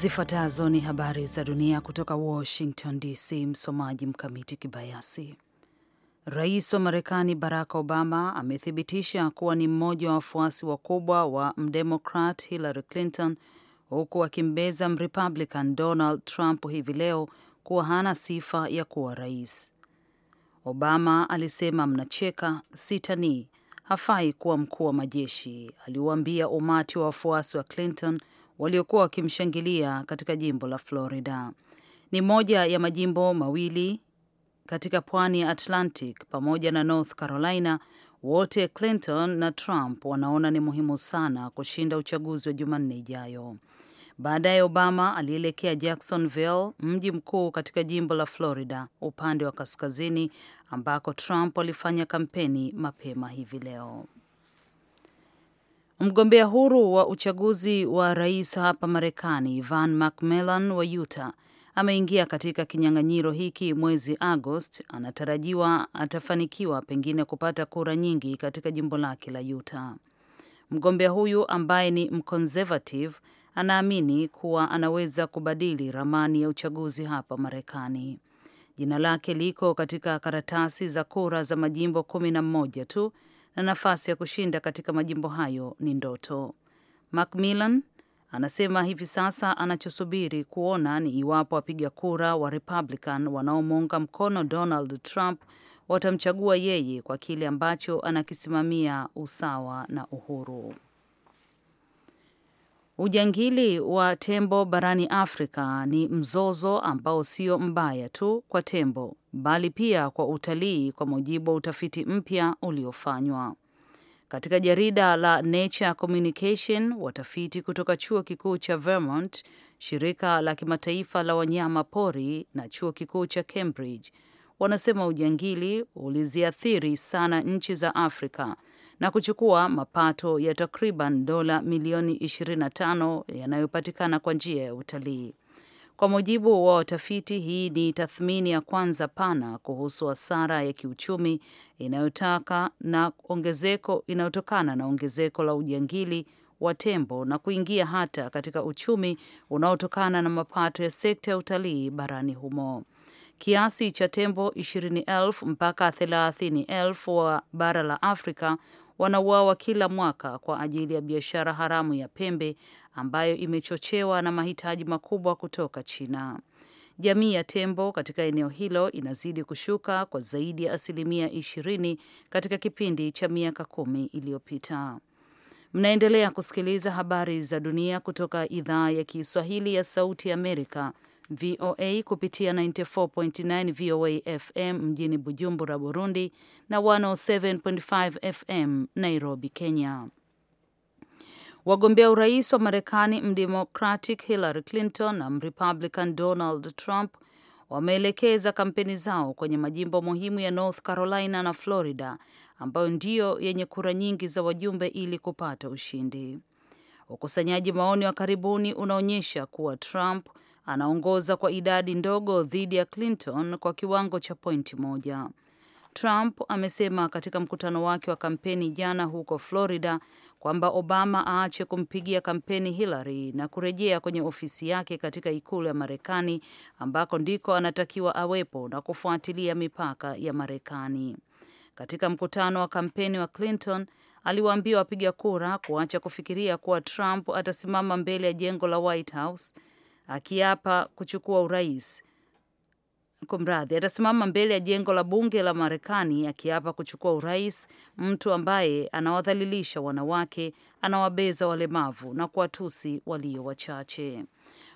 Zifuatazo ni habari za dunia kutoka Washington DC. Msomaji Mkamiti Kibayasi. Rais wa Marekani Barack Obama amethibitisha kuwa ni mmoja wa wafuasi wakubwa wa mdemokrat Hillary Clinton, huku akimbeza mrepublican Donald Trump hivi leo kuwa hana sifa ya kuwa rais. Obama alisema, mnacheka, sitanii, hafai kuwa mkuu wa majeshi, aliwaambia umati wa wafuasi wa Clinton waliokuwa wakimshangilia katika jimbo la Florida. Ni moja ya majimbo mawili katika pwani ya Atlantic pamoja na North Carolina. Wote Clinton na Trump wanaona ni muhimu sana kushinda uchaguzi wa Jumanne ijayo. Baadaye Obama alielekea Jacksonville, mji mkuu katika jimbo la Florida upande wa kaskazini, ambako Trump alifanya kampeni mapema hivi leo. Mgombea huru wa uchaguzi wa rais hapa Marekani, Van McMelan wa Utah ameingia katika kinyang'anyiro hiki mwezi Agosti. Anatarajiwa atafanikiwa pengine kupata kura nyingi katika jimbo lake la Utah. Mgombea huyu ambaye ni mconservative anaamini kuwa anaweza kubadili ramani ya uchaguzi hapa Marekani. Jina lake liko katika karatasi za kura za majimbo kumi na mmoja tu na nafasi ya kushinda katika majimbo hayo ni ndoto. Macmillan anasema hivi sasa anachosubiri kuona ni iwapo wapiga kura wa Republican wanaomuunga mkono Donald Trump watamchagua yeye kwa kile ambacho anakisimamia usawa na uhuru. Ujangili wa tembo barani Afrika ni mzozo ambao sio mbaya tu kwa tembo, bali pia kwa utalii, kwa mujibu wa utafiti mpya uliofanywa. Katika jarida la Nature Communication, watafiti kutoka chuo kikuu cha Vermont, shirika la kimataifa la wanyama pori na chuo kikuu cha Cambridge wanasema ujangili uliziathiri sana nchi za Afrika na kuchukua mapato ya takriban dola milioni 25 yanayopatikana kwa njia ya utalii. Kwa mujibu wa watafiti, hii ni tathmini ya kwanza pana kuhusu hasara ya kiuchumi inayotaka na ongezeko inayotokana na ongezeko la ujangili wa tembo na kuingia hata katika uchumi unaotokana na mapato ya sekta ya utalii barani humo. Kiasi cha tembo 20,000 mpaka 30,000 wa bara la Afrika wanauawa kila mwaka kwa ajili ya biashara haramu ya pembe ambayo imechochewa na mahitaji makubwa kutoka China. Jamii ya tembo katika eneo hilo inazidi kushuka kwa zaidi ya asilimia ishirini katika kipindi cha miaka kumi iliyopita. Mnaendelea kusikiliza habari za dunia kutoka idhaa ya Kiswahili ya Sauti ya Amerika VOA kupitia 94.9 VOA FM mjini Bujumbura, Burundi na 107.5 FM Nairobi, Kenya. Wagombea urais wa Marekani mdemocratic Hillary Clinton na mrepublican Donald Trump wameelekeza kampeni zao kwenye majimbo muhimu ya North Carolina na Florida ambayo ndiyo yenye kura nyingi za wajumbe ili kupata ushindi. Ukusanyaji maoni wa karibuni unaonyesha kuwa Trump anaongoza kwa idadi ndogo dhidi ya Clinton kwa kiwango cha pointi moja. Trump amesema katika mkutano wake wa kampeni jana huko Florida kwamba Obama aache kumpigia kampeni Hillary na kurejea kwenye ofisi yake katika ikulu ya Marekani ambako ndiko anatakiwa awepo na kufuatilia mipaka ya Marekani. Katika mkutano wa kampeni wa Clinton aliwaambia wapiga kura kuacha kufikiria kuwa Trump atasimama mbele ya jengo la White House akiapa kuchukua urais Kumradhi, atasimama mbele ya jengo la bunge la Marekani akiapa kuchukua urais, mtu ambaye anawadhalilisha wanawake, anawabeza walemavu na kuwatusi walio wachache.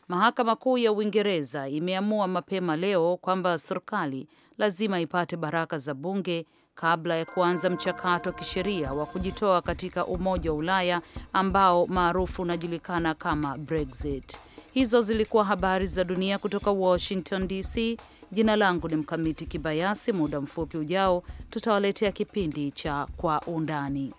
Mahakama Kuu ya Uingereza imeamua mapema leo kwamba serikali lazima ipate baraka za bunge kabla ya kuanza mchakato wa kisheria wa kujitoa katika Umoja wa Ulaya ambao maarufu unajulikana kama Brexit. Hizo zilikuwa habari za dunia kutoka Washington DC. Jina langu ni Mkamiti Kibayasi. Muda mfupi ujao tutawaletea kipindi cha Kwa Undani.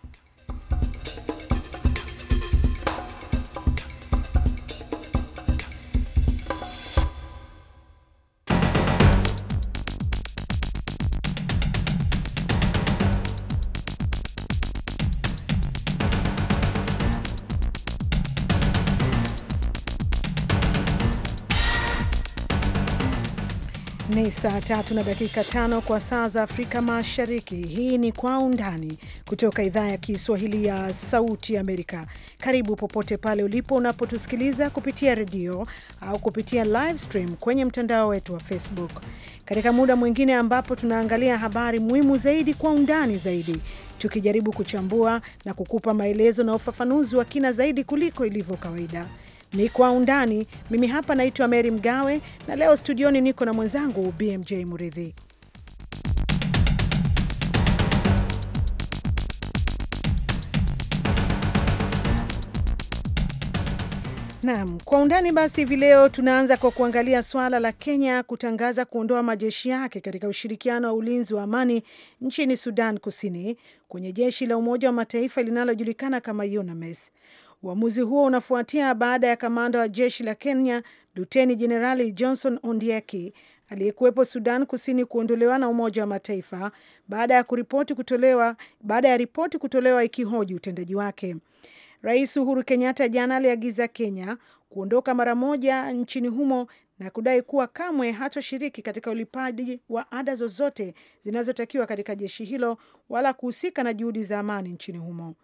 saa tatu na dakika tano kwa saa za Afrika Mashariki. Hii ni Kwa Undani kutoka idhaa ya Kiswahili ya Sauti Amerika. Karibu popote pale ulipo unapotusikiliza kupitia redio au kupitia live stream kwenye mtandao wetu wa Facebook, katika muda mwingine ambapo tunaangalia habari muhimu zaidi kwa undani zaidi, tukijaribu kuchambua na kukupa maelezo na ufafanuzi wa kina zaidi kuliko ilivyo kawaida ni Kwa Undani. Mimi hapa naitwa Meri Mgawe na leo studioni niko na mwenzangu BMJ Muridhi. Naam, kwa undani basi hivi leo tunaanza kwa kuangalia suala la Kenya kutangaza kuondoa majeshi yake katika ushirikiano wa ulinzi wa amani nchini Sudan Kusini kwenye jeshi la Umoja wa Mataifa linalojulikana kama UNAMIS. E Uamuzi huo unafuatia baada ya kamanda wa jeshi la Kenya Luteni Jenerali Johnson Ondieki aliyekuwepo Sudan Kusini kuondolewa na Umoja wa Mataifa baada ya kuripoti kutolewa, baada ya ripoti kutolewa ikihoji utendaji wake. Rais Uhuru Kenyatta jana aliagiza Kenya kuondoka mara moja nchini humo na kudai kuwa kamwe hatoshiriki katika ulipaji wa ada zozote zinazotakiwa katika jeshi hilo wala kuhusika na juhudi za amani nchini humo.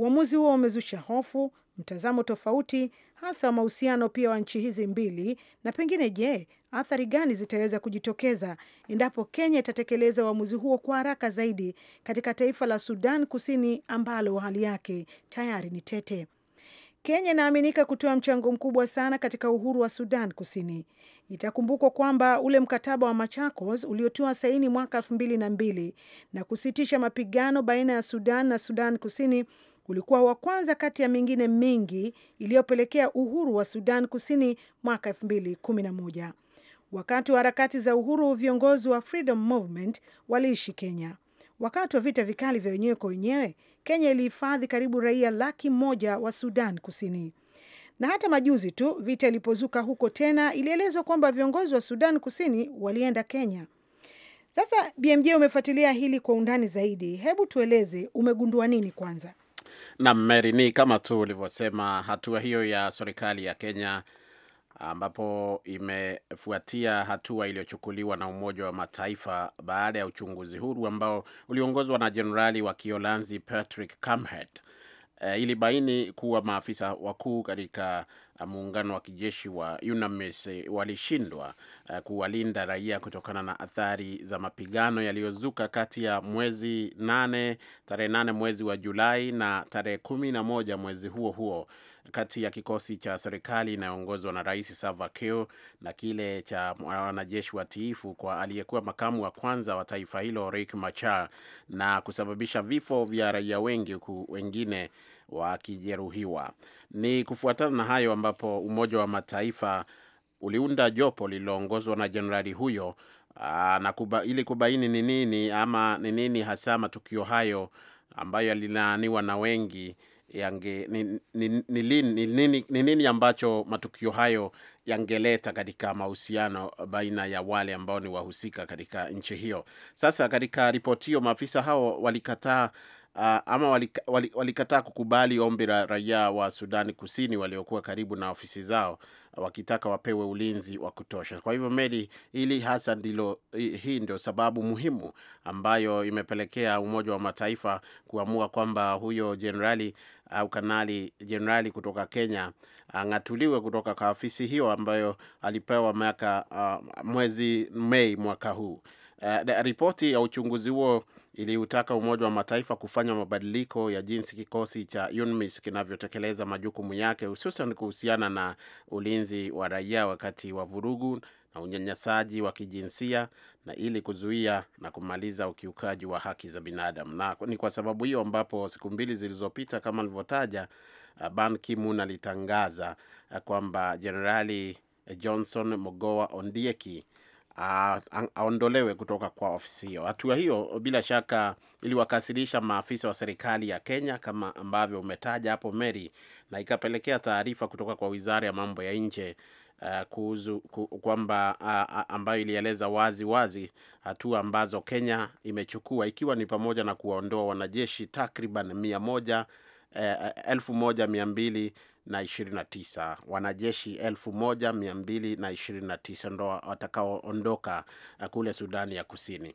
Uamuzi huo umezusha hofu, mtazamo tofauti, hasa wa mahusiano pia wa nchi hizi mbili, na pengine, je, athari gani zitaweza kujitokeza endapo Kenya itatekeleza uamuzi huo kwa haraka zaidi katika taifa la Sudan Kusini ambalo hali yake tayari ni tete. Kenya inaaminika kutoa mchango mkubwa sana katika uhuru wa Sudan Kusini. Itakumbukwa kwamba ule mkataba wa Machakos uliotiwa saini mwaka elfu mbili na mbili na kusitisha mapigano baina ya Sudan na Sudan Kusini ulikuwa wa kwanza kati ya mingine mingi iliyopelekea uhuru wa Sudan Kusini mwaka 2011. Wakati wa harakati za uhuru, viongozi wa Freedom Movement waliishi Kenya. Wakati wa vita vikali vya wenyewe kwa wenyewe, Kenya ilihifadhi karibu raia laki moja wa Sudan Kusini. Na hata majuzi tu vita ilipozuka huko tena, ilielezwa kwamba viongozi wa Sudan Kusini walienda Kenya. Sasa BMJ, umefuatilia hili kwa undani zaidi, hebu tueleze umegundua nini kwanza? Na Meri, ni kama tu ulivyosema, hatua hiyo ya serikali ya Kenya ambapo imefuatia hatua iliyochukuliwa na Umoja wa Mataifa baada ya uchunguzi huru ambao uliongozwa na Jenerali wa Kiolanzi Patrick Camhet uh, ilibaini kuwa maafisa wakuu katika ah, muungano wa kijeshi wa UNAMIS eh, walishindwa uh, kuwalinda raia kutokana na athari za mapigano yaliyozuka kati ya mwezi nane tarehe nane mwezi wa Julai na tarehe kumi na moja mwezi huo huo kati ya kikosi cha serikali inayoongozwa na Rais Salva Kiir na kile cha wanajeshi watiifu kwa aliyekuwa makamu wa kwanza wa taifa hilo Riek Machar na kusababisha vifo vya raia wengi huku wengine wakijeruhiwa. Ni kufuatana na hayo ambapo Umoja wa Mataifa uliunda jopo lililoongozwa na jenerali huyo na kuba, ili kubaini ni nini ama ni nini hasa matukio hayo ambayo yalilaaniwa na wengi yange ni, ni, ni, ni, ni, ni, ni nini ambacho matukio hayo yangeleta katika mahusiano baina ya wale ambao ni wahusika katika nchi hiyo. Sasa katika ripoti hiyo, maafisa hao walikataa Uh, ama wali, walikataa kukubali ombi la raia wa Sudani Kusini waliokuwa karibu na ofisi zao uh, wakitaka wapewe ulinzi wa kutosha. Kwa hivyo meli hili hasa ndilo, hii ndio sababu muhimu ambayo imepelekea Umoja wa Mataifa kuamua kwamba huyo jenerali uh, au kanali jenerali kutoka Kenya ang'atuliwe kutoka kwa ofisi hiyo ambayo alipewa miaka uh, mwezi Mei mwaka huu. Uh, ripoti ya uchunguzi huo iliutaka Umoja wa Mataifa kufanya mabadiliko ya jinsi kikosi cha UNMISS kinavyotekeleza majukumu yake hususan kuhusiana na ulinzi wa raia wakati wa vurugu na unyanyasaji wa kijinsia na ili kuzuia na kumaliza ukiukaji wa haki za binadamu. Na ni kwa sababu hiyo ambapo siku mbili zilizopita, kama alivyotaja Ban Ki-moon, alitangaza kwamba Jenerali Johnson Mogoa Ondieki aondolewe kutoka kwa ofisi hiyo. Hatua hiyo bila shaka iliwakasirisha maafisa wa serikali ya Kenya kama ambavyo umetaja hapo Mary, na ikapelekea taarifa kutoka kwa wizara ya mambo ya nje Uh, kwamba uh, ambayo ilieleza wazi wazi hatua ambazo Kenya imechukua ikiwa ni pamoja na kuwaondoa wanajeshi takriban mia moja e, e, elfu moja mia mbili na 29 wanajeshi 1229 ndo watakaoondoka eh, kule Sudani ya Kusini.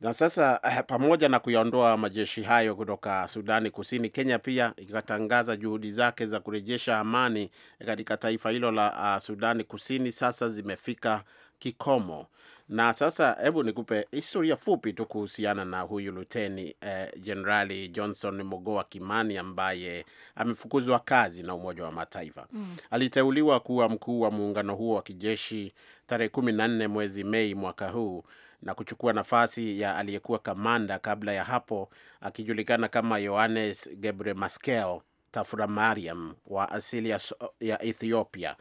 Na sasa eh, pamoja na kuyaondoa majeshi hayo kutoka Sudani Kusini, Kenya pia ikatangaza juhudi zake za kurejesha amani eh, katika taifa hilo la uh, Sudani Kusini sasa zimefika kikomo. Na sasa hebu nikupe historia fupi tu kuhusiana na huyu luteni jenerali eh, Johnson Mogoa Kimani ambaye amefukuzwa kazi na Umoja wa Mataifa. Mm. Aliteuliwa kuwa mkuu wa muungano huo wa kijeshi tarehe kumi na nne mwezi Mei mwaka huu na kuchukua nafasi ya aliyekuwa kamanda kabla ya hapo akijulikana kama Yohannes Gebremaskel Taframariam wa asili ya, ya Ethiopia.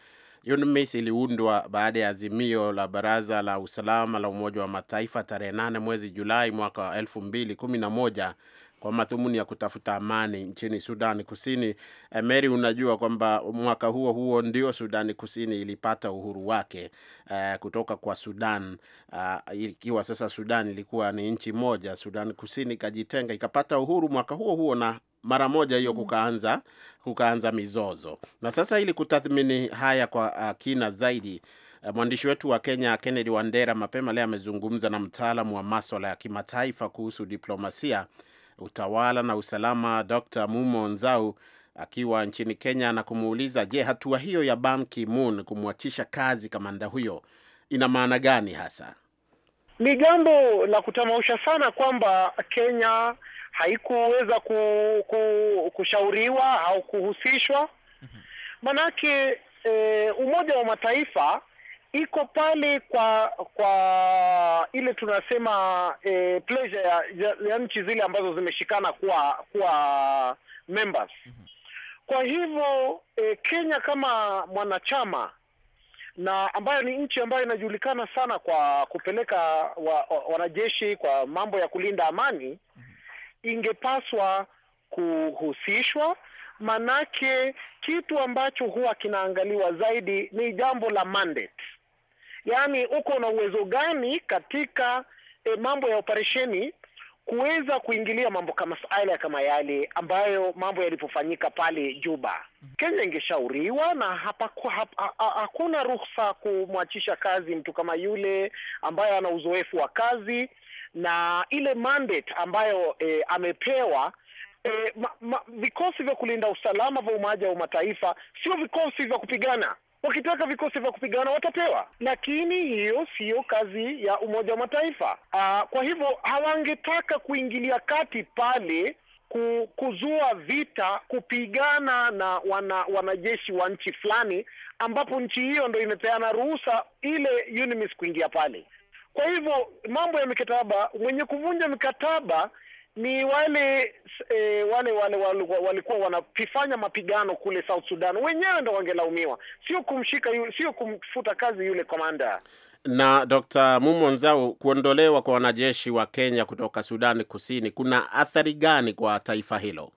UNMISS iliundwa baada ya azimio la Baraza la Usalama la Umoja wa Mataifa tarehe 8 mwezi Julai mwaka wa 2011 kwa madhumuni ya kutafuta amani nchini Sudan Kusini. Eh, Mary, unajua kwamba mwaka huo huo ndio Sudan Kusini ilipata uhuru wake uh, kutoka kwa Sudan uh, ikiwa sasa Sudan ilikuwa ni nchi moja. Sudan Kusini ikajitenga ikapata uhuru mwaka huo huo na mara moja hiyo mm-hmm. kukaanza kukaanza mizozo. Na sasa ili kutathmini haya kwa ah, kina zaidi, eh, mwandishi wetu wa Kenya Kennedy Wandera mapema leo amezungumza na mtaalamu wa maswala ya kimataifa kuhusu diplomasia utawala na usalama Dr Mumo Nzau akiwa nchini Kenya na kumuuliza je, hatua hiyo ya Ban Ki-moon kumwachisha kazi kamanda huyo ina maana gani hasa? Ni jambo la kutamausha sana kwamba Kenya haikuweza ku, ku, kushauriwa au kuhusishwa, mhm. manake e, Umoja wa Mataifa iko pale kwa kwa ile tunasema e, pleasure ya, ya, ya nchi zile ambazo zimeshikana kuwa kuwa members. Mhm. Kwa hivyo e, Kenya kama mwanachama na ambayo ni nchi ambayo inajulikana sana kwa kupeleka wa, wa, wanajeshi kwa mambo ya kulinda amani, mhm. ingepaswa kuhusishwa manake kitu ambacho huwa kinaangaliwa zaidi ni jambo la mandate yaani uko na uwezo gani katika e, mambo ya operesheni kuweza kuingilia mambo kama masuala kama yale ambayo mambo yalipofanyika pale Juba. Kenya ingeshauriwa na hapa, hakuna ruhusa kumwachisha kazi mtu kama yule ambaye ana uzoefu wa kazi na ile mandate ambayo e, amepewa e, ma, ma, vikosi vya kulinda usalama vya Umoja wa Mataifa sio vikosi vya kupigana wakitaka vikosi vya kupigana watapewa, lakini hiyo siyo kazi ya Umoja wa Mataifa. Aa, ah, kwa hivyo hawangetaka kuingilia kati pale kuzua vita kupigana na wana, wanajeshi wa nchi fulani ambapo nchi hiyo ndo imepeana ruhusa ile UNMISS kuingia pale. Kwa hivyo mambo ya mikataba, mwenye kuvunja mikataba ni wale e, wale wale walikuwa wanafifanya mapigano kule South Sudan, wenyewe ndo wangelaumiwa, sio kumshika sio kumfuta kazi yule komanda. Na Dr. Mumo kuondolewa kwa wanajeshi wa Kenya kutoka Sudan Kusini kuna athari gani kwa taifa hilo?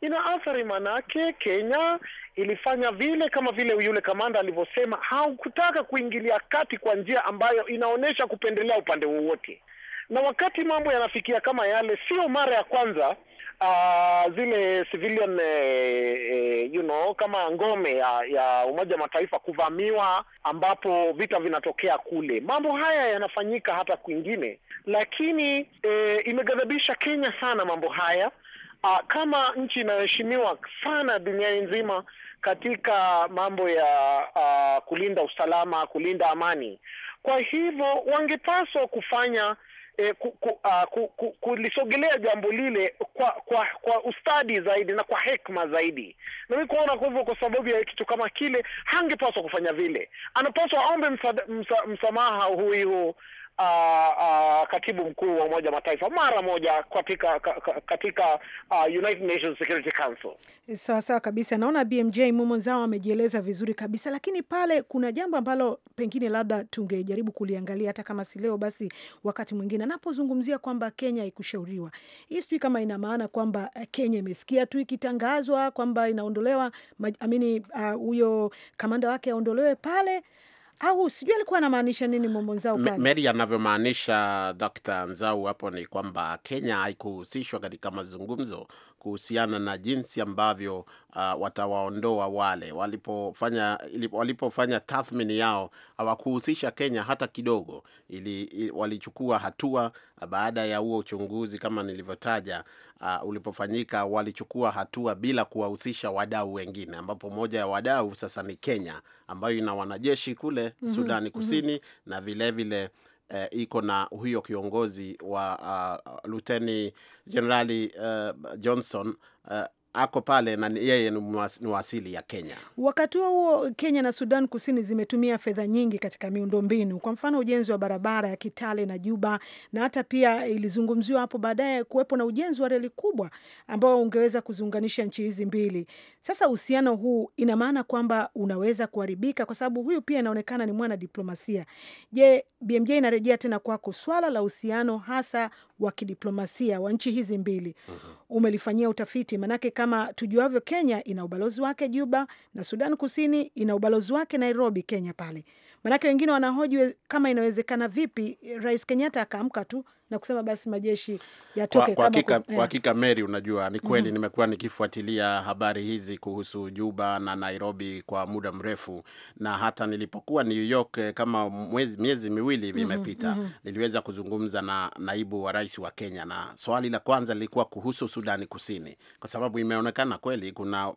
Ina athari manake, Kenya ilifanya vile kama vile yule kamanda alivyosema, haukutaka kuingilia kati kwa njia ambayo inaonyesha kupendelea upande wowote na wakati mambo yanafikia kama yale, sio mara ya kwanza Uh, zile civilian eh, eh, you know kama ngome ya, ya Umoja Mataifa kuvamiwa ambapo vita vinatokea kule. Mambo haya yanafanyika hata kwingine, lakini eh, imegadhabisha Kenya sana mambo haya uh, kama nchi inayoheshimiwa sana duniani nzima katika mambo ya uh, kulinda usalama, kulinda amani. Kwa hivyo wangepaswa kufanya eh, ku, ku, uh, ku, ku, kulisogelea jambo lile kwa kwa kwa ustadi zaidi na kwa hekma zaidi. Na mimi kuona kwa hivyo, kwa sababu ya kitu kama kile, hangepaswa kufanya vile, anapaswa aombe msa, msa, msamaha huyu uh, uh, katibu mkuu wa Umoja Mataifa mara moja katika katika uh, United Nations Security Council. Sawa sawa kabisa, naona BMJ zao amejieleza vizuri kabisa, lakini pale kuna jambo ambalo pengine labda tungejaribu kuliangalia hata kama si leo, basi wakati mwingine, anapozungumzia kwamba Kenya haikushauriwa. Hii sijui kama ina maana kwamba eh, Kenya imesikia tu ikitangazwa kwamba inaondolewa amini, uh, huyo uh, kamanda wake aondolewe pale au sijui alikuwa anamaanisha nini Momo Nzau pale. Mary anavyomaanisha Dr. Nzau hapo ni kwamba Kenya haikuhusishwa katika mazungumzo kuhusiana na jinsi ambavyo uh, watawaondoa wale walipofanya walipofanya tathmini yao, hawakuhusisha Kenya hata kidogo. Ili, walichukua hatua baada ya huo uchunguzi kama nilivyotaja, uh, ulipofanyika walichukua hatua bila kuwahusisha wadau wengine, ambapo moja ya wadau sasa ni Kenya ambayo ina wanajeshi kule mm -hmm. Sudani mhm. Kusini mm -hmm. na vilevile vile uh, iko na huyo kiongozi wa uh, Luteni Jenerali uh, Johnson uh, ako pale na yeye ni wasili ya Kenya. Wakati huo huo, Kenya na Sudan Kusini zimetumia fedha nyingi katika miundombinu, kwa mfano ujenzi wa barabara ya Kitale na Juba, na hata pia ilizungumziwa hapo baadaye kuwepo na ujenzi wa reli kubwa ambao ungeweza kuziunganisha nchi hizi mbili. Sasa uhusiano huu ina maana kwamba unaweza kuharibika, kwa sababu huyu pia inaonekana ni mwana diplomasia. Je, BMJ inarejea tena kwako swala la uhusiano hasa wa kidiplomasia wa nchi hizi mbili uh mhm. -huh. umelifanyia utafiti? Manake kama tujuavyo, Kenya ina ubalozi wake Juba na Sudan Kusini ina ubalozi wake Nairobi, Kenya pale. maanake wengine wanahoji kama inawezekana vipi Rais Kenyatta akaamka tu na kusema basi majeshi yatoke. Kwa hakika kwa eh. kwa Mary, unajua ni kweli mm -hmm. Nimekuwa nikifuatilia habari hizi kuhusu Juba na Nairobi kwa muda mrefu, na hata nilipokuwa New York eh, kama mwezi, miezi miwili hivi mm-hmm. imepita mm -hmm. niliweza kuzungumza na naibu wa rais wa Kenya, na swali la kwanza lilikuwa kuhusu Sudani Kusini, kwa sababu imeonekana kweli kuna,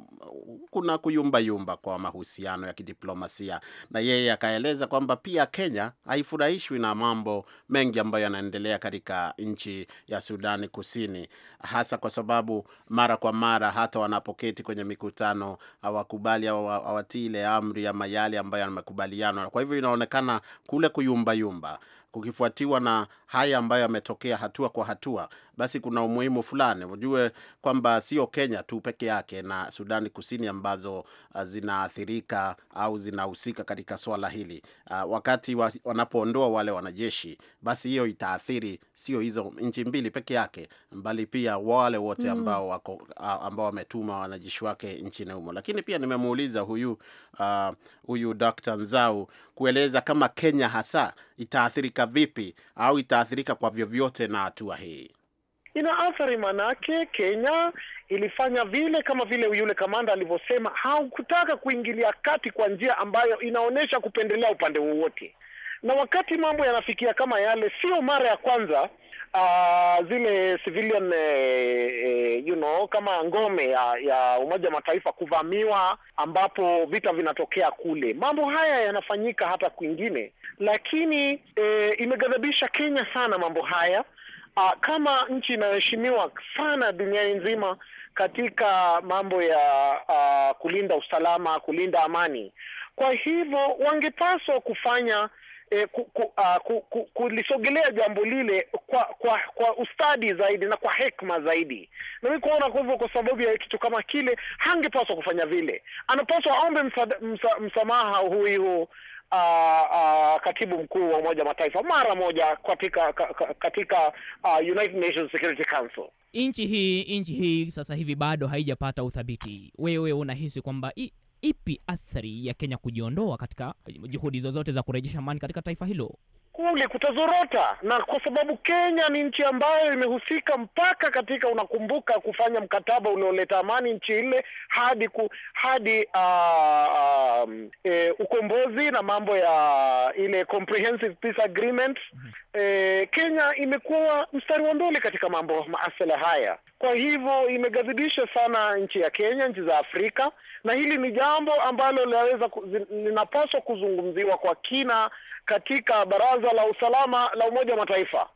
kuna kuyumbayumba kwa mahusiano ya kidiplomasia, na yeye akaeleza kwamba pia Kenya haifurahishwi na mambo mengi ambayo yanaendelea katika katika nchi ya Sudani Kusini, hasa kwa sababu mara kwa mara hata wanapoketi kwenye mikutano hawakubali au hawatii ile amri ama yale ambayo yamekubaliana Kwa hivyo inaonekana kule kuyumbayumba kukifuatiwa na haya ambayo yametokea hatua kwa hatua, basi kuna umuhimu fulani ujue kwamba sio Kenya tu peke yake na Sudani Kusini ambazo ah, zinaathirika au zinahusika katika swala hili. Uh, wakati wa, wanapoondoa wale wanajeshi, basi hiyo itaathiri sio hizo nchi mbili peke yake, mbali pia wale wote mm. ambao wako ah, ambao wametuma wanajeshi wake nchini humo. Lakini pia nimemuuliza huyu uh, huyu Dr. Nzau kueleza kama Kenya hasa itaathirika vipi au itaathirika kwa vyovyote na hatua hii? Ina athari manake, Kenya ilifanya vile kama vile yule kamanda alivyosema, haukutaka kuingilia kati kwa njia ambayo inaonyesha kupendelea upande wowote. Na wakati mambo yanafikia kama yale, sio mara ya kwanza uh, zile civilian eh, eh, you know kama ngome ya, ya Umoja wa Mataifa kuvamiwa, ambapo vita vinatokea kule. Mambo haya yanafanyika hata kwingine, lakini eh, imegadhabisha Kenya sana mambo haya uh, kama nchi inayoheshimiwa sana duniani nzima katika mambo ya uh, kulinda usalama, kulinda amani. Kwa hivyo wangepaswa kufanya eh, ku, ku, uh, ku, ku, kulisogelea jambo lile kwa kwa kwa ustadi zaidi na kwa hekma zaidi. Na mimi kuona kwa hivyo, kwa sababu ya kitu kama kile, hangepaswa kufanya vile, anapaswa aombe msa, msa, msamaha huyu Uh, uh, katibu mkuu wa Umoja Mataifa mara moja katika katika uh, United Nations Security Council. Nchi hii nchi hii sasa hivi bado haijapata uthabiti. Wewe unahisi kwamba ipi athari ya Kenya kujiondoa katika juhudi zozote za kurejesha amani katika taifa hilo? kule kutazorota, na kwa sababu Kenya ni nchi ambayo imehusika mpaka katika, unakumbuka, kufanya mkataba unaoleta amani nchi ile hadi ku, hadi uh, um, e, ukombozi na mambo ya ile comprehensive peace agreement mm -hmm. E, Kenya imekuwa mstari wa mbele katika mambo maasala haya, kwa hivyo imeghadhibisha sana nchi ya Kenya, nchi za Afrika, na hili ni jambo ambalo linaweza linapaswa kuzungumziwa kwa kina katika Baraza la Usalama la Umoja wa Mataifa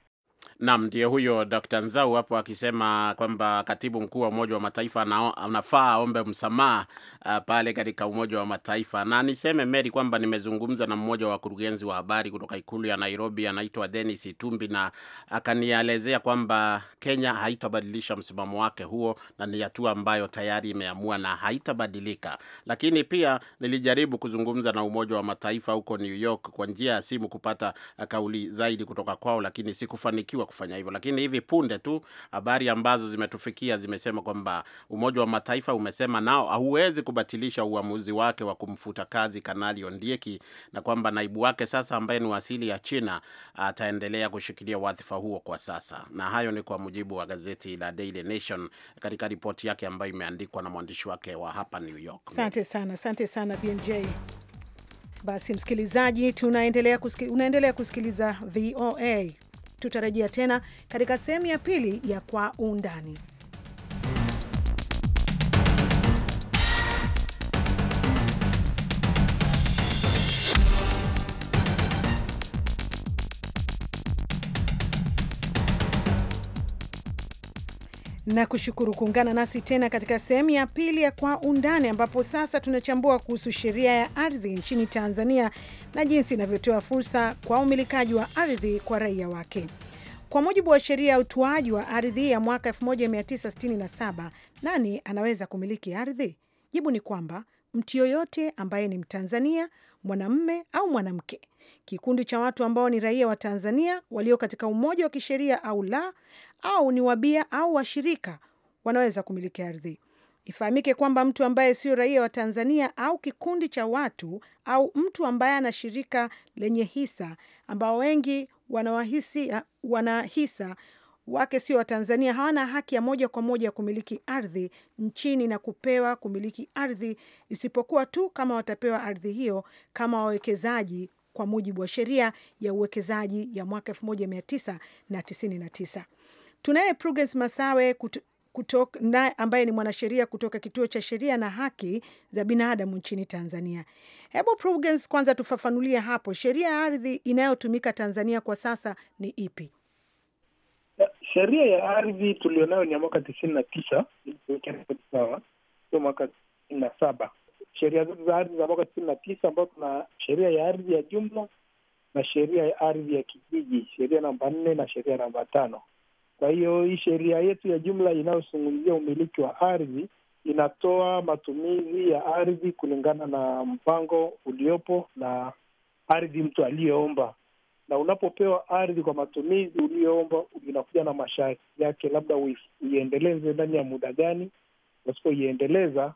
Naam, ndiyo huyo Dr. Nzau hapo akisema kwamba katibu mkuu wa Umoja wa Mataifa na, anafaa aombe msamaha uh, pale katika Umoja wa Mataifa. Na niseme Mary kwamba nimezungumza na mmoja wa wakurugenzi wa habari kutoka ikulu ya Nairobi, anaitwa Dennis Itumbi, na akanielezea kwamba Kenya haitabadilisha msimamo wake huo, na ni hatua ambayo tayari imeamua na haitabadilika. Lakini pia nilijaribu kuzungumza na Umoja wa Mataifa huko New York kwa njia ya simu kupata uh, kauli zaidi kutoka kwao, lakini sikufanikiwa kufanya hivyo. Lakini hivi punde tu habari ambazo zimetufikia zimesema kwamba Umoja wa Mataifa umesema nao hauwezi kubatilisha uamuzi wake wa kumfuta kazi Kanali Ondieki na kwamba naibu wake sasa ambaye ni asili ya China ataendelea kushikilia wadhifa huo kwa sasa, na hayo ni kwa mujibu wa gazeti la Daily Nation katika ripoti yake ambayo imeandikwa na mwandishi wake wa hapa New York. Asante sana, asante sana BMJ. Basi msikilizaji, tunaendelea kusikiliza, unaendelea kusikiliza VOA Tutarejea tena katika sehemu ya pili ya Kwa Undani. na kushukuru kuungana nasi tena katika sehemu ya pili ya Kwa Undani, ambapo sasa tunachambua kuhusu sheria ya ardhi nchini Tanzania na jinsi inavyotoa fursa kwa umilikaji wa ardhi kwa raia wake. Kwa mujibu wa sheria ya utoaji wa ardhi ya mwaka 1967, nani anaweza kumiliki ardhi? Jibu ni kwamba mtu yoyote ambaye ni Mtanzania, mwanamme au mwanamke kikundi cha watu ambao ni raia wa Tanzania walio katika umoja wa kisheria au la, au ni wabia au washirika wanaweza kumiliki ardhi. Ifahamike kwamba mtu ambaye sio raia wa Tanzania au kikundi cha watu au mtu ambaye ana shirika lenye hisa ambao wengi wana hisa wake sio wa Tanzania hawana haki ya moja kwa moja ya kumiliki ardhi nchini na kupewa kumiliki ardhi, isipokuwa tu kama watapewa ardhi hiyo kama wawekezaji kwa mujibu wa sheria ya uwekezaji ya mwaka 1999. Tunaye Prudence Masawe kutu, kutok, na ambaye ni mwanasheria kutoka kituo cha sheria na haki za binadamu nchini Tanzania. Hebu Prudence, kwanza tufafanulie hapo sheria ya ardhi inayotumika Tanzania kwa sasa ni ipi? Sheria ya ardhi tulionayo ni ya mwaka tisini na tisa, sawa, sio mwaka tisini na saba sheria zetu za ardhi za mwaka sitini na tisa ambao tuna sheria ya ardhi ya jumla na sheria ya ardhi ya kijiji, sheria namba nne na sheria namba tano. Kwa hiyo hii sheria yetu ya jumla inayozungumzia umiliki wa ardhi inatoa matumizi ya ardhi kulingana na mpango uliopo na ardhi mtu aliyeomba. Na unapopewa ardhi kwa matumizi ulioomba, inakuja na masharti yake, labda uiendeleze ndani ya muda gani. wasipoiendeleza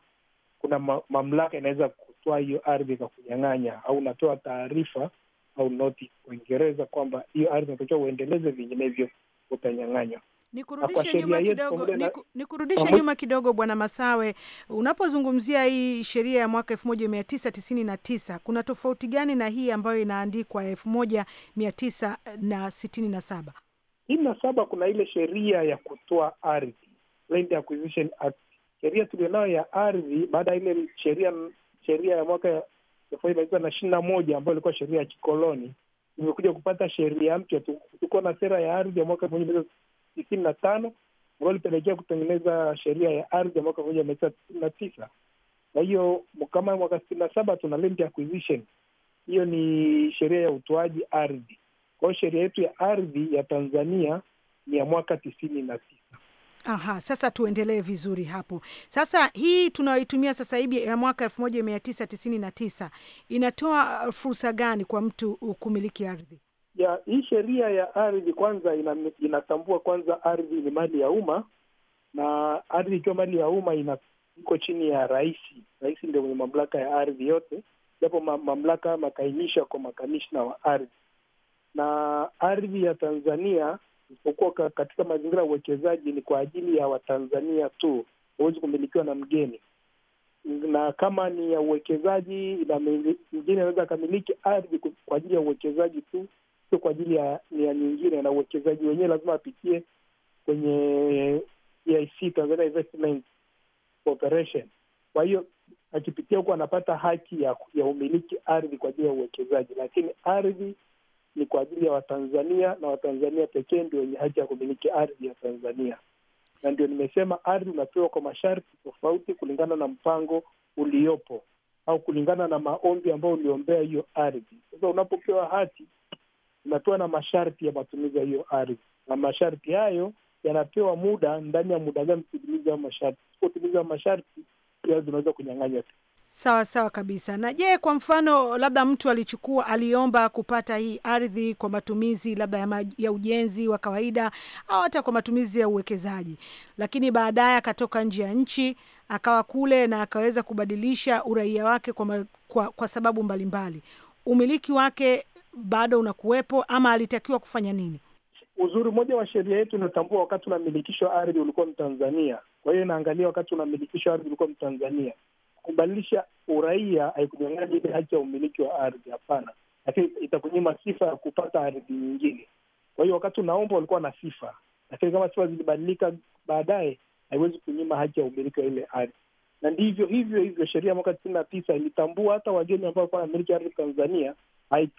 kuna ma, mamlaka inaweza kutoa hiyo ardhi kunyang'anya au unatoa taarifa au noti kuingereza kwamba hiyo ardhi natakiwa uendeleze, vinginevyo utanyang'anywa. Nikurudishe nyuma kidogo, niku, nikurudishe nyuma kidogo Bwana Masawe, unapozungumzia hii sheria ya mwaka elfu moja mia tisa tisini na tisa kuna tofauti gani na hii ambayo inaandikwa elfu moja mia tisa eh, na sitini na saba sitini na saba kuna ile sheria ya kutoa ardhi, Land Acquisition Act sheria tulionayo ya ardhi baada ya ile sheria sheria ya mwaka elfu moja mia tisa na ishirini na moja ambayo ilikuwa sheria ya kikoloni, imekuja kupata sheria mpya. Tuko na sera ya ardhi ya mwaka elfu moja mia tisa tisini na tano ambayo ilipelekea kutengeneza sheria ya ardhi ya mwaka elfu moja mia tisa tisini na tisa Kwa hiyo kama mwaka sitini na saba tuna land acquisition, hiyo ni sheria ya utoaji ardhi. Kwa hiyo sheria yetu ya ardhi ya Tanzania ni ya mwaka tisini na tisa. Aha, sasa tuendelee vizuri hapo. Sasa hii tunayoitumia sasa hivi ya mwaka 1999 inatoa uh, fursa gani kwa mtu uh, kumiliki ardhi? Ya, hii sheria ya ardhi kwanza inatambua kwanza ardhi ni mali ya umma, na ardhi ikiwa mali ya umma ina iko chini ya rais. Rais ndio mwenye mamlaka ya ardhi yote, japo mamlaka makainisha kwa makamishna wa ardhi, na ardhi ya Tanzania isipokuwa katika mazingira ya uwekezaji ni kwa ajili ya Watanzania tu, huwezi kumilikiwa na mgeni. Na kama ni ya uwekezaji, mgeni anaweza akamiliki ardhi kwa ajili ya uwekezaji tu, sio kwa ajili ya nia nyingine. Na uwekezaji wenyewe lazima apitie kwenye TIC, e Tanzania Investment Corporation. Kwa hiyo akipitia huko anapata haki ya, ya umiliki ardhi kwa ajili ya uwekezaji, lakini ardhi ni kwa ajili ya Watanzania na Watanzania pekee ndio wenye haki ya kumiliki ardhi ya Tanzania, na ndio nimesema ardhi unapewa kwa masharti tofauti kulingana na mpango uliopo au kulingana na maombi ambayo uliombea hiyo ardhi. Sasa unapopewa hati unapewa na masharti ya matumizi ya hiyo ardhi, na masharti hayo yanapewa muda, ndani ya muda gani utimizi wa masharti. Usipotimiza masharti, zinaweza kunyang'anya kunyang'anywa. Sawa sawa kabisa. Na je, kwa mfano labda mtu alichukua aliomba kupata hii ardhi kwa matumizi labda ya, ya ujenzi wa kawaida au hata kwa matumizi ya uwekezaji, lakini baadaye akatoka nje ya nchi akawa kule na akaweza kubadilisha uraia wake kwa, ma, kwa, kwa sababu mbalimbali mbali. Umiliki wake bado unakuwepo ama alitakiwa kufanya nini? Uzuri mmoja wa sheria yetu inatambua wakati unamilikishwa ardhi ulikuwa Mtanzania, kwa hiyo inaangalia wakati unamilikishwa ardhi ulikuwa Mtanzania kubadilisha uraia haikunyang'anyi ile haki ya umiliki wa ardhi, hapana, lakini itakunyima sifa ya kupata ardhi nyingine. Kwa hiyo wakati unaomba walikuwa na sifa, lakini kama sifa zilibadilika baadaye, haiwezi kunyima haki ya umiliki wa ile ardhi. Na ndivyo hivyo hivyo, sheria mwaka tisini na tisa ilitambua hata wageni ambao walikuwa wanamiliki ardhi Tanzania,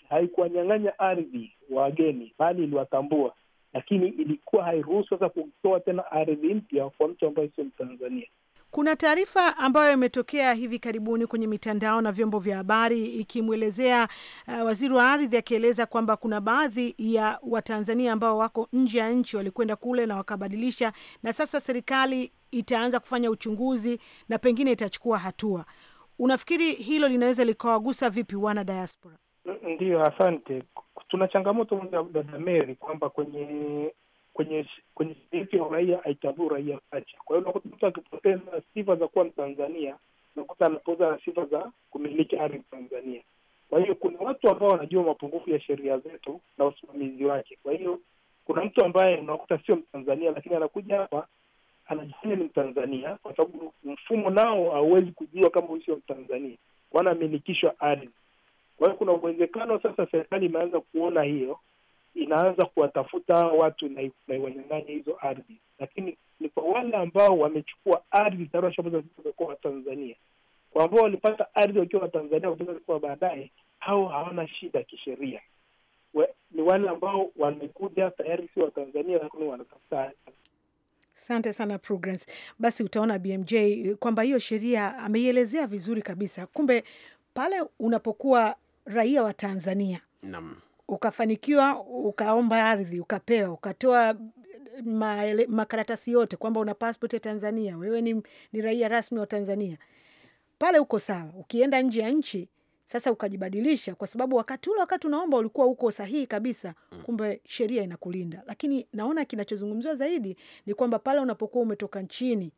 haikuwanyang'anya ardhi wageni, bali iliwatambua lakini ilikuwa hairuhusu sasa kutoa tena ardhi mpya kwa mtu ambaye sio Mtanzania. Kuna taarifa ambayo imetokea hivi karibuni kwenye mitandao na vyombo vya habari ikimwelezea uh, waziri wa ardhi akieleza kwamba kuna baadhi ya Watanzania ambao wako nje ya nchi walikwenda kule na wakabadilisha, na sasa serikali itaanza kufanya uchunguzi na pengine itachukua hatua. Unafikiri hilo linaweza likawagusa vipi wana diaspora? Ndiyo, asante. Tuna changamoto dada Meri, kwamba kwenye kwenye kwenye ya uraia haitambui uraia pacha. Kwa hiyo unakuta mtu akipoteza sifa za kuwa Mtanzania, unakuta anapoteza sifa za kumiliki ardhi Tanzania. Kwa hiyo kuna watu ambao wanajua mapungufu ya sheria zetu na usimamizi wake. Kwa hiyo kuna mtu ambaye unakuta sio Mtanzania, lakini anakuja hapa anajifanya ni Mtanzania kwa sababu mfumo nao hauwezi kujua kama huyu sio Mtanzania, wanamilikishwa ardhi. Kwa hiyo kuna uwezekano sasa serikali imeanza kuona hiyo inaanza kuwatafuta watu na iwanyang'anya hizo ardhi, lakini ni kwa wale ambao wamechukua ardhi tayari Watanzania, kwa ambao walipata ardhi wakiwa Watanzania kuwa baadaye, hao hawana shida kisheria. Ni wale ambao wamekuja tayari sio Watanzania, lakini wanatafuta Asante sana Progress. Basi utaona BMJ kwamba hiyo sheria ameielezea vizuri kabisa. Kumbe pale unapokuwa raia wa Tanzania Nam ukafanikiwa ukaomba ardhi ukapewa, ukatoa maele, makaratasi yote kwamba una passport ya Tanzania, wewe ni, ni raia rasmi wa Tanzania, pale uko sawa. Ukienda nje ya nchi sasa ukajibadilisha, kwa sababu wakati ule, wakati unaomba ulikuwa uko sahihi kabisa, mm. kumbe sheria inakulinda. Lakini naona kinachozungumziwa zaidi ni kwamba pale unapokuwa umetoka nchini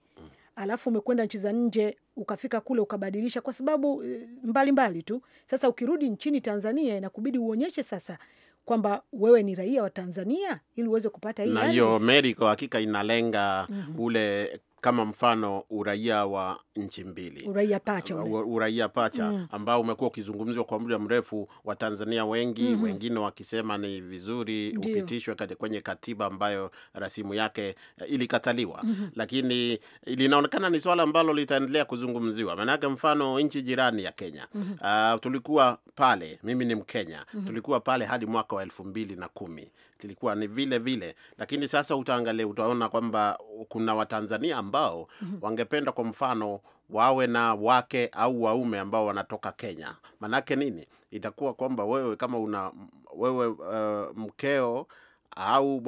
alafu umekwenda nchi za nje ukafika kule ukabadilisha kwa sababu eh, mbalimbali mbali tu. Sasa ukirudi nchini Tanzania inakubidi uonyeshe sasa kwamba wewe ni raia wa Tanzania ili uweze kupata hii. Na hiyo Meri, kwa hakika inalenga mm -hmm. ule kama mfano uraia wa nchi mbili, uraia pacha, uraia pacha mm. ambao umekuwa ukizungumzwa kwa muda mrefu, Watanzania wengi mm -hmm. wengine wakisema ni vizuri Ndiyo. upitishwe kwenye katiba ambayo rasimu yake eh, ilikataliwa mm -hmm. lakini linaonekana ni swala ambalo litaendelea kuzungumziwa, maanake mfano nchi jirani ya Kenya mm -hmm. uh, tulikuwa pale, mimi ni Mkenya mm -hmm. tulikuwa pale hadi mwaka wa elfu mbili na kumi kilikuwa ni vile vile, lakini sasa utaangalia, utaona kwamba kuna Watanzania ambao mhm. wangependa kwa mfano wawe na wake au waume ambao wanatoka Kenya. Manake nini? Itakuwa kwamba wewe kama una wewe uh, mkeo au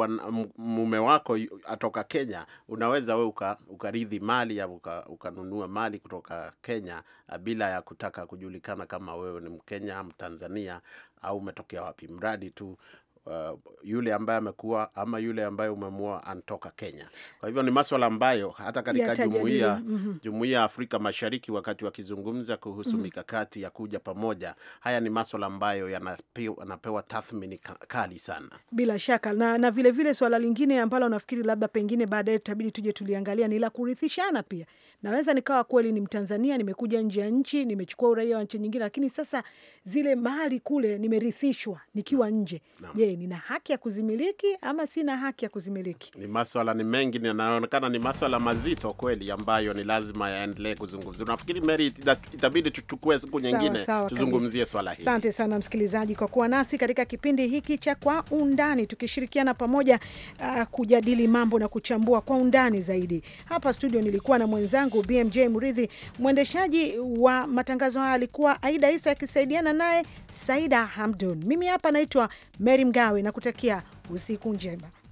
mume wako atoka Kenya, unaweza we ukarithi mali au ukanunua mali kutoka Kenya eh, bila ya kutaka kujulikana kama wewe ni Mkenya, Mtanzania au umetokea wapi, mradi tu uh, yule ambaye amekuwa ama yule ambaye umemua antoka Kenya. Kwa hivyo ni maswala ambayo hata katika jumuiya mm -hmm. jumuiya ya Afrika Mashariki wakati wakizungumza kuhusu mm -hmm. mikakati ya kuja pamoja, haya ni maswala ambayo yanapewa tathmini kali sana, bila shaka na, na vile vile swala lingine ambalo nafikiri labda pengine baadaye tutabidi tuje tuliangalia ni la kurithishana pia Naweza nikawa kweli ni Mtanzania, nimekuja nje ya nchi, nimechukua uraia wa nchi nyingine, lakini sasa zile mali kule nimerithishwa nikiwa nje. Je, nina haki ya kuzimiliki ama sina haki ya kuzimiliki? Ni maswala ni mengi, yanaonekana ni maswala mazito kweli, ambayo ni lazima yaendelee kuzungumzia. Nafikiri Mary, itabidi tuchukue siku nyingine tuzungumzie swala hili. Asante sana msikilizaji kwa kuwa nasi katika kipindi hiki cha Kwa Undani, tukishirikiana pamoja uh, kujadili mambo na kuchambua kwa undani zaidi. Hapa studio nilikuwa na mwenzangu wangu BMJ Muridhi. Mwendeshaji wa matangazo haya alikuwa Aida Isa akisaidiana naye Saida Hamdun. Mimi hapa naitwa Mary Mgawe na kutakia usiku njema.